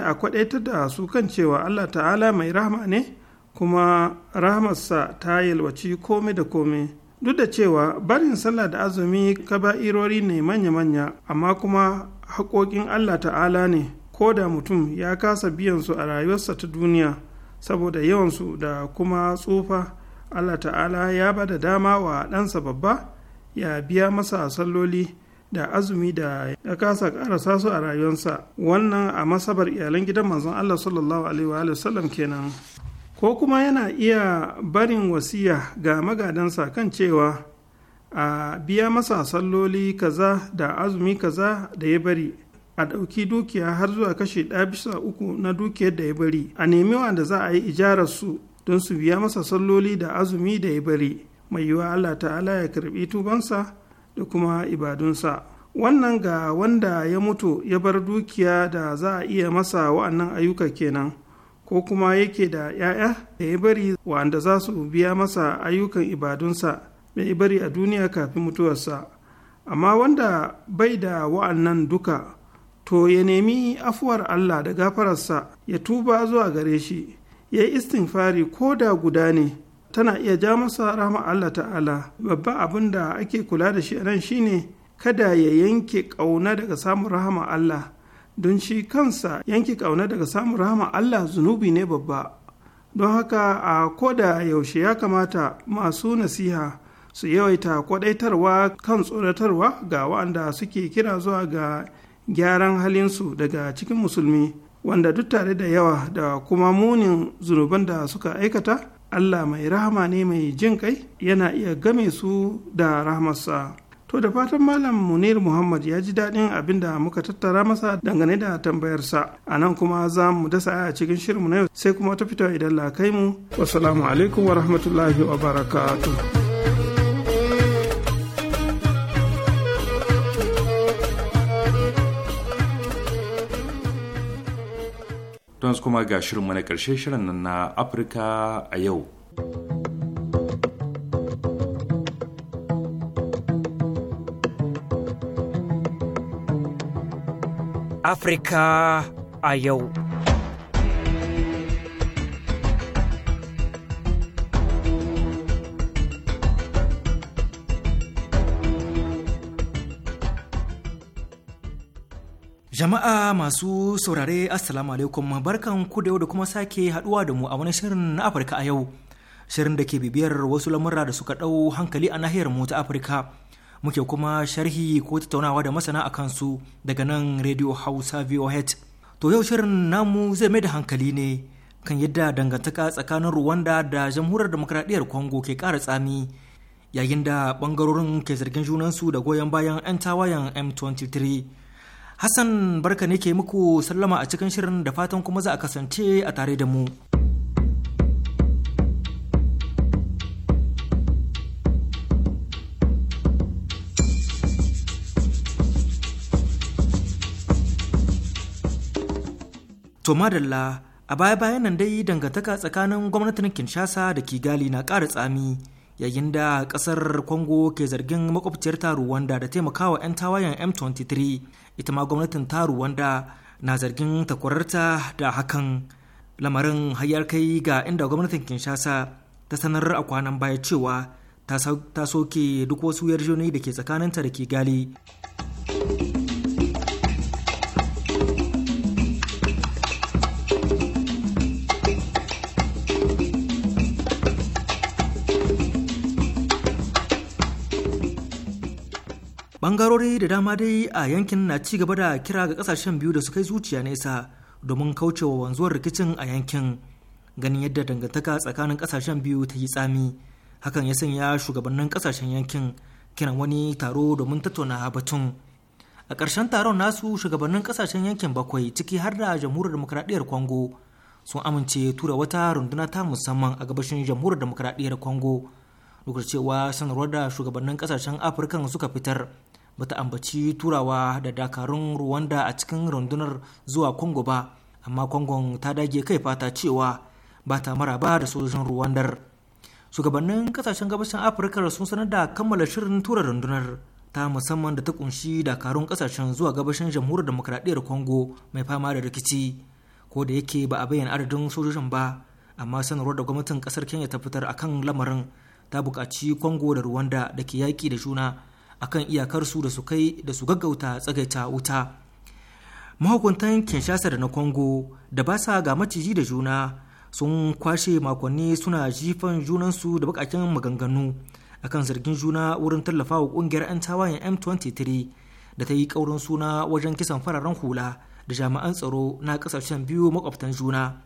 a kwadaitar da su kan cewa allah ta'ala mai rahama ne kuma rahamarsa ta yalwaci komai da komai duk da cewa barin sallah da azumi kaba'irori ne manya-manya amma kuma haƙoƙin allah ta'ala ne ko da mutum ya kasa biyan su a rayuwarsa ta duniya saboda yawansu da kuma tsufa allah ta'ala ya ba da dama wa ɗansa babba ya biya masa salloli da azumi da ya kasa karasa su a rayuwarsa wannan a masabar iyalan gidan manzon allah sallallahu alaihi wa sallam kenan ko kuma yana iya barin wasiya ga magadansa kan cewa a biya masa salloli kaza da azumi kaza da ya bari a ɗauki dukiya har zuwa kashe ɗaya bisa uku na dukiyar da ya bari a nemi wanda za a yi ijarar su don su biya masa salloli da azumi da ya bari mai yiwa allah ta'ala ya karbi tubansa da kuma ibadunsa wannan ga wanda ya mutu ya bar dukiya da za a iya masa wa'annan ayyuka kenan ko kuma yake da 'ya'ya da ya bari wa'anda za su biya masa ayyukan ibadunsa mai bari a duniya kafin mutuwarsa amma wanda bai da wa'annan duka to ya nemi afuwar Allah da gafararsa ya tuba zuwa gare shi ya yi istinfari ko da guda ne tana iya ja masa rahama Allah ta'ala babba abin da ake kula da shi a nan shine kada ya yanke ƙauna daga samun rahama Allah don shi kansa yanke ƙauna daga samun rahama Allah zunubi ne babba don haka a koda yaushe ya kamata masu nasiha su yawaita kwadaitarwa kan tsoratarwa ga waɗanda suke kira zuwa ga gyaran halinsu daga cikin musulmi wanda duk tare da yawa da kuma munin zunuban da suka aikata allah mai rahama ne mai jin kai yana iya game su da rahamarsa to da fatan malam munir muhammad ya ji daɗin abin da muka tattara masa dangane da tambayarsa a nan kuma za mu dasa a cikin shirinmu na yau sai kuma ta fito idan la kai mu wasalamu alaikum wa rahmatullahi wa barakatuh don su kuma ga shirinmu na ƙarshe shirin nan na afirka a yau afirka a yau Jama'a masu saurare Assalamu alaikum barkan ku da yau da kuma sake haduwa da mu a wani shirin na Afirka a yau. Shirin da ke bibiyar wasu lamurra da suka ɗau hankali a nahiyar mu ta Afirka. Muke kuma sharhi ko tattaunawa da masana a kansu daga nan Radio Hausa VOH. To yau shirin namu zai mai da hankali ne kan yadda dangantaka tsakanin Rwanda da Jamhuriyar Demokradiyyar Congo ke ƙara tsami yayin da bangarorin ke zargin junansu da goyon bayan 'yan tawayen M23 Hassan barka ne ke muku sallama a cikin shirin da fatan kuma za a kasance a tare da mu. To madalla a baya-bayan nan dai dangantaka tsakanin gwamnatin Kinshasa da Kigali na ƙara tsami. yayin da kasar congo ke zargin makwabciyar ta rwanda da taimakawa 'yan tawayen m23 ita ma gwamnatin ta rwanda na zargin takwararta da hakan lamarin hayar kai ga inda gwamnatin kinshasa ta sanar a kwanan baya cewa ta soke duk wasu yarjejeniyoyi da ke tsakaninta da kigali bangarori da dama dai a yankin na ci gaba da kira ga kasashen biyu da su kai zuciya nesa domin kaucewa wanzuwar rikicin a yankin ganin yadda dangantaka tsakanin kasashen biyu ta yi tsami hakan ya sanya shugabannin kasashen yankin kiran wani taro domin tattauna batun a ƙarshen taron nasu shugabannin kasashen yankin bakwai ciki har da jamhuriyar demokradiyyar congo sun amince tura wata runduna ta musamman a gabashin jamhuriyar demokradiyyar congo duk cewa sanarwar da shugabannin kasashen afirka suka fitar bata ambaci turawa da dakarun ruwanda a cikin rundunar zuwa Congo ba amma Congo ta dage kai fata cewa ba ta maraba da sojojin ruwandar shugabannin kasashen gabashin Afirka sun sanar da kammala shirin tura rundunar ta musamman da ta kunshi dakarun kasashen zuwa gabashin jamhuriyar demokradiyyar Congo mai fama da rikici ko da yake ba a bayyana adadin sojojin ba amma sanarwar da gwamnatin kasar Kenya ta fitar akan lamarin ta bukaci Congo da ruwanda da ke yaƙi da juna akan iyakarsu da su kai da su gaggauta tsagaita wuta mahukuntan kinshasa da na congo da ba sa ga maciji da juna sun kwashe makonni suna jifan junansu da bakakin maganganu akan zargin juna wurin tallafa wa kungiyar 'yan tawayen m23 da ta yi kaurin suna wajen kisan fararen hula da jami'an tsaro na kasashen biyu makwabtan juna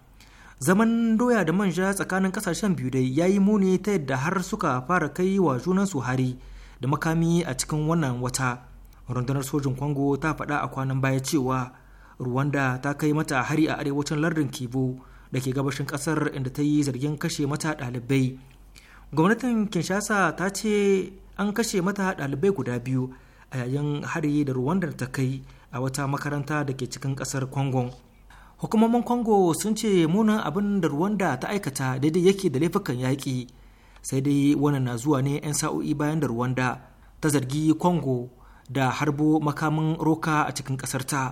zaman doya da manja tsakanin kasashen biyu dai ya yi muni ta yadda har suka fara kai wa junansu hari da makami a cikin wannan wata rundunar sojin kwango ta faɗa a kwanan baya cewa rwanda ta kai mata hari a arewacin lardin kibo da ke gabashin ƙasar inda ta yi zargin kashe mata ɗalibai gwamnatin kinshasa ta ce an kashe mata ɗalibai guda biyu a yayin hari da rwanda ta kai a wata makaranta da ke cikin ƙasar kwangon hukumomin kwango sun ce munin abin da rwanda ta aikata daidai yake da laifukan yaƙi sai dai wannan na zuwa ne 'yan sa'o'i bayan da rwanda ta zargi congo da harbo makamin roka a cikin kasar ta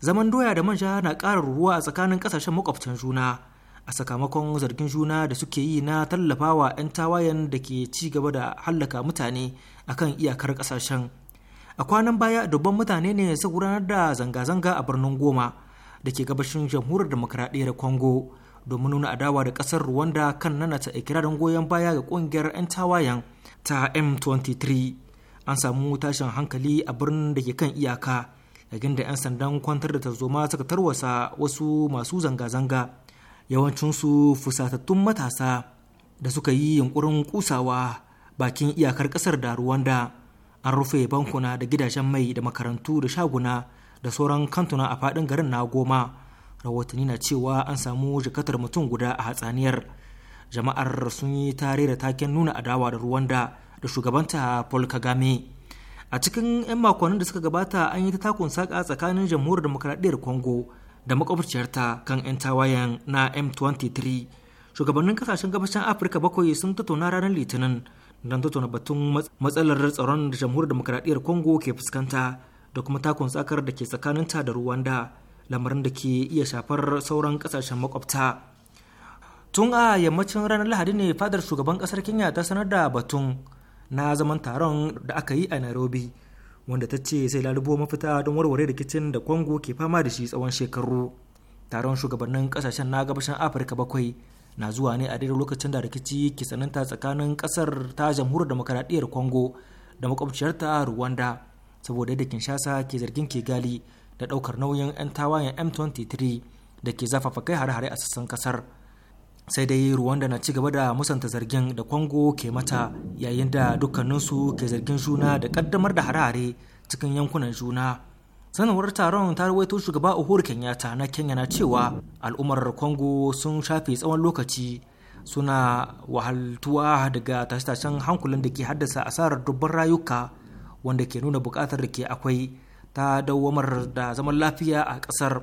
zaman doya da manja na ƙara ruwa a tsakanin ƙasashen makwabtan juna a sakamakon zargin juna da suke yi na tallafawa 'yan tawayen da ke ci gaba da hallaka mutane a kan iyakar ƙasashen a kwanan baya dubban mutane ne su gudanar da zanga-zanga a birnin goma da ke gabashin jamhuriyar demokradiyyar congo domin nuna adawa da kasar rwanda kan nana ta ikirarin goyon baya ga ƙungiyar 'yan tawayen ta m23 an samu tashin hankali a birnin da ke kan iyaka yayin da 'yan sandan kwantar da tarzoma suka tarwasa wasu masu zanga-zanga yawancinsu fusatattun matasa da suka yi yunkurin kusawa bakin iyakar kasar da ruwanda an rufe bankuna da gidajen mai da makarantu da shaguna da sauran kantuna a fadin garin na goma rahotanni na cewa an samu jikatar mutum guda a hatsaniyar jama'ar sun yi tare da taken nuna adawa da ruwanda da shugabanta Paul Kagame a cikin 'yan makonnin da suka gabata an yi ta takun saka tsakanin jamhuriyar demokradiyyar Congo da makwabciyarta kan 'yan tawayen na m23 shugabannin kasashen gabashin afirka bakwai sun tattauna ranar litinin don tattauna batun matsalar tsaron da jamhuriyar demokradiyyar congo ke fuskanta da kuma takon tsakar da ke tsakaninta da rwanda lamarin da ke iya shafar sauran kasashen makwabta tun a yammacin ranar lahadi ne fadar shugaban kasar kenya ta sanar da batun na zaman taron da aka yi a nairobi wanda ta ce sai lalubo mafita don warware rikicin da kwango ke fama da shi tsawon shekaru taron shugabannin kasashen na gabashin afirka bakwai na zuwa ne a daidai lokacin da rikici ke tsananta tsakanin kasar ta jamhuriyar demokaradiyyar kwango da makwabciyarta rwanda saboda yadda kinshasa ke zargin kigali da daukar nauyin 'yan tawayen m23 da ke zafafa kai hare-hare a sassan kasar sai dai ruwan da na ci gaba da musanta zargin da kwango ke mata yayin da dukkaninsu ke zargin juna da kaddamar da harare cikin yankunan juna sanarwar taron ta rawaito shugaba uhuru kenyatta na kenya na cewa al'ummar kwango sun shafe tsawon lokaci suna wahaltuwa daga tashe-tashen hankulan da ke haddasa asarar dubban rayuka wanda ke nuna bukatar da ke akwai ta dawamar da zaman lafiya a ƙasar.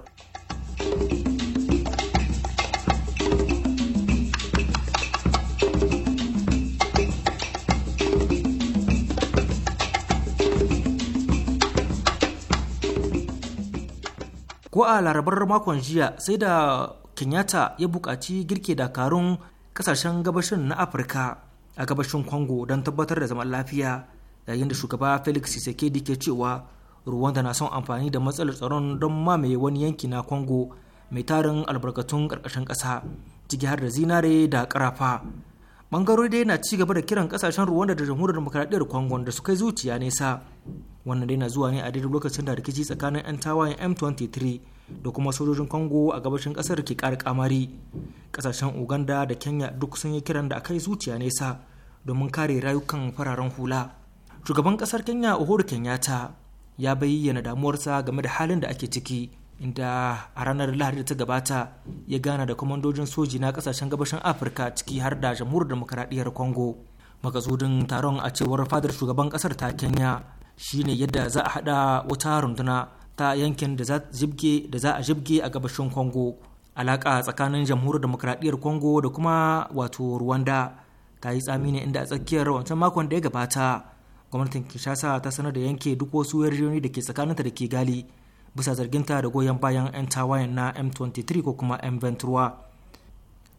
ko a larabar makon jiya sai da kenyatta ya buƙaci girke dakarun kasashen gabashin na afirka a gabashin congo don tabbatar da zaman lafiya yayin da shugaba felix tshisekedi ke cewa rwanda na son amfani da matsalar tsaron don mamaye wani yanki na congo mai tarin albarkatun ƙarƙashin ƙasa ciki har da zinare da ƙarafa bangarori dai na ci gaba da kiran kasashen ruwanda da jamhuriyar demokradiyyar congo da su kai zuciya nesa wannan dai na zuwa ne a daidai lokacin da rikici tsakanin 'yan tawayen m23 da kuma sojojin congo a gabashin kasar ke kara kamari kasashen uganda da kenya duk sun yi kiran da aka kai zuciya nesa domin kare rayukan fararen hula shugaban kasar kenya uhuru kenyatta ya bayyana damuwarsa game da halin da ake ciki inda a ranar lahadi da ta gabata ya gana da kwamandojin soji na kasashen gabashin afirka ciki har da jamhuriyar demokaradiyyar congo makasudin taron a cewar fadar shugaban kasar ta kenya shine yadda za a hada wata runduna ta yankin da za a jibge a gabashin congo alaka tsakanin jamhuriyar demokradiyyar congo da kuma wato rwanda ta yi tsami ne inda a tsakiyar wancan makon da ya gabata gwamnatin kinshasa ta sanar da yanke duk wasu yarjejeniyoyi da ke tsakaninta da kigali bisa zarginta da goyon bayan 'yan tawayen na m23 ko kuma m23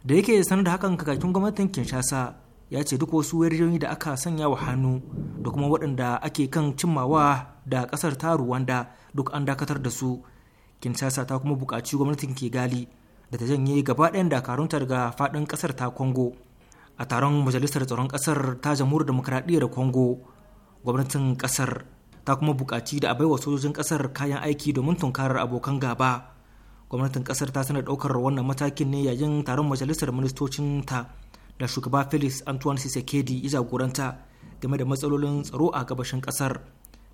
da yake sanar da hakan kakakin gwamnatin kinshasa ya ce duk wasu yarjejeniyoyi da aka sanya wa hannu da kuma waɗanda ake kan cimmawa da ƙasar ta ruwanda duk an dakatar da su kinshasa ta kuma buƙaci gwamnatin gali da ta janye gaba ɗayan dakarunta daga faɗin ƙasar ta kongo a taron majalisar tsaron ƙasar ta jamhuriyar demokradiyyar kongo gwamnatin ƙasar ta kuma buƙaci da a baiwa sojojin ƙasar kayan aiki domin tunkarar abokan gaba gwamnatin ƙasar ta sanar ɗaukar wannan matakin ne yayin taron majalisar ministocin ta da shugaba felix antoine sisekedi ya jagoranta game da matsalolin tsaro a gabashin kasar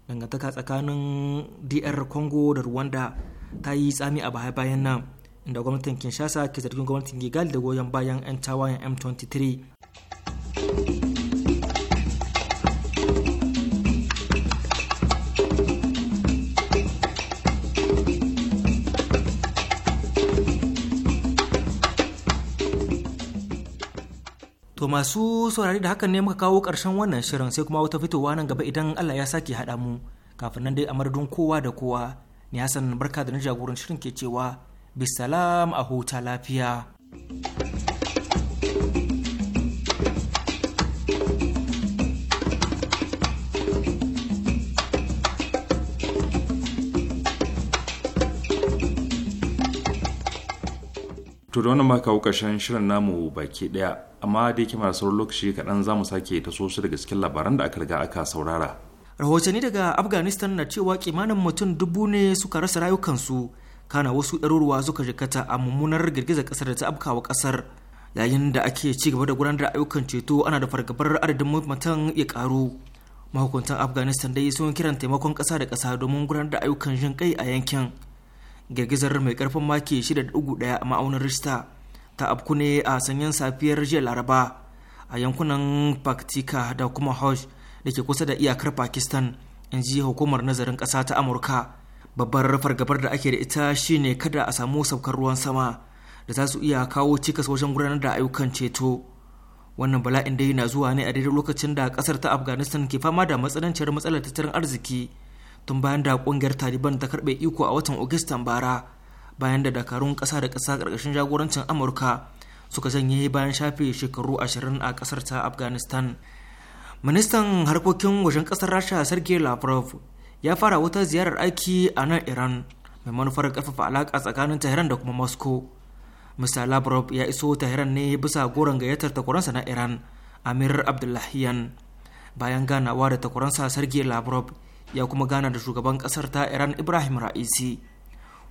dangantaka tsakanin dr congo da rwanda ta yi tsami a baya bayan nan inda gwamnatin kinshasa ke zargin gwamnatin gigal da goyon bayan 'yan tawayen m23 To masu saurari da hakan ne muka kawo ƙarshen wannan shirin sai kuma wata fitowa nan gaba idan Allah ya sake haɗa mu kafin nan dai a madadin kowa da kowa ni Hassan barka da na jagoran shirin ke cewa bisalam a huta lafiya. To da wannan ma kawo ƙarshen shirin namu baki ɗaya amma da yake sauran lokaci kaɗan za mu sake ta su daga cikin labaran da aka riga aka saurara. rahotanni daga afghanistan na cewa kimanin mutum dubu ne suka rasa rayukansu kana wasu ɗaruruwa suka jikata a mummunar girgizar ƙasar da ta afkawa ƙasar yayin da ake ci gaba da gudanar da ayyukan ceto ana da fargabar adadin mutum ya ƙaru mahukuntan afghanistan dai sun kiran taimakon ƙasa da ƙasa domin gudanar da ayyukan jin kai a yankin girgizar mai ƙarfin maki 6.1 a ma'aunin Richter. ta abku ne a sanyin safiyar jiya laraba a yankunan paktika da kuma hajj da ke kusa da iyakar pakistan in ji hukumar nazarin ƙasa ta amurka babbar fargabar da ake da ita shine kada a samu saukar ruwan sama da za su iya kawo cikas wajen gudanar da ayyukan ceto wannan bala'in dai na zuwa ne a daidai lokacin da kasar ta afghanistan ke fama da matsananciyar matsalar tattalin arziki tun bayan da kungiyar taliban ta karbe iko a watan ogistan bara bayan da dakarun ƙasa da ƙasa ƙarƙashin jagorancin amurka suka janye bayan shafe shekaru ashirin a ƙasar ta afghanistan ministan harkokin wajen ƙasar rasha sergei lavrov ya fara wata ziyarar aiki a nan iran mai manufar ƙarfafa alaƙa tsakanin tehran da kuma moscow mr lavrov ya iso tehran ne bisa goron gayyatar takwaransa na iran amir abdullahiyan bayan ganawa da takwaransa sergei lavrov ya kuma gana da shugaban ƙasar ta iran ibrahim ra'isi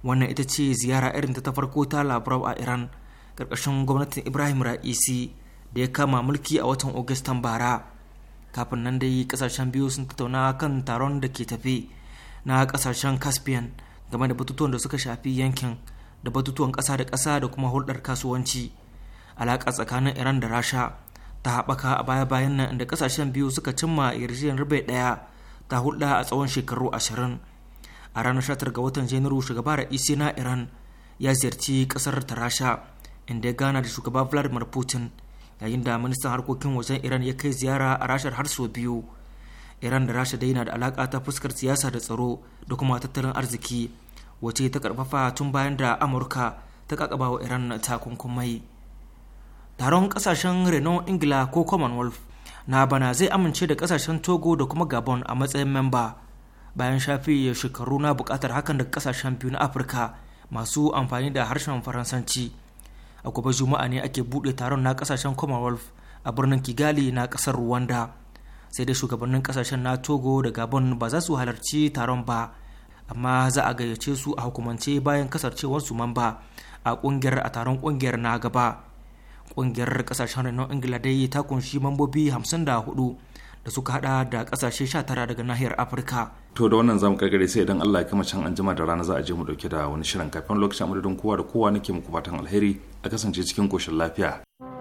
wannan ita ce ziyara irin ta ta farko ta labarau a iran karkashin gwamnatin ibrahim ra'isi da ya kama mulki a watan augustan bara kafin nan dai kasashen biyu sun tattauna kan taron da ke tafe na kasashen caspian game da batutuwan da suka shafi yankin da batutuwan ƙasa da kasa da kuma hulɗar kasuwanci alaƙa tsakanin iran da rasha ta haɓaka a baya-bayan nan inda kasashen biyu suka cimma yarjejeniyar bai ɗaya ta hulɗa a tsawon shekaru ashirin a ranar 19 ga watan janairu shugaba ra'isi na iran ya ziyarci kasar tarasha inda ya gana da shugaba vladimir putin yayin da ministan harkokin wajen iran ya kai ziyara a rashar har sau biyu iran da rasha daina da alaka ta fuskar siyasa da tsaro da kuma tattalin arziki wace ta karfafa tun bayan da amurka ta kakaba wa iran takunkumai taron kasashen renon ingila ko commonwealth na bana zai amince da kasashen togo da kuma gabon a matsayin memba bayan shafi shekaru na bukatar hakan daga kasashen biyu na afirka masu amfani da harshen faransanci a gobe juma'a ne ake buɗe taron na kasashen commonwealth a birnin kigali na ƙasar rwanda sai dai shugabannin kasashen na togo da gabon ba za su halarci taron ba amma za a gayyace su a hukumance bayan kasarcewarsu mamba a kungiyar a taron kungiyar na gaba kungiyar kasashen renon ingila dai ta kunshi mambobi hamsin da hudu da suka hada da kasashe 19 daga nahiyar afirka to da wannan zamu karkare sai idan Allah ya kama can anjima da rana za a je mu dauke da wani shirin kafin lokacin madadin kowa da kowa nake muku fatan alheri a kasance cikin koshin lafiya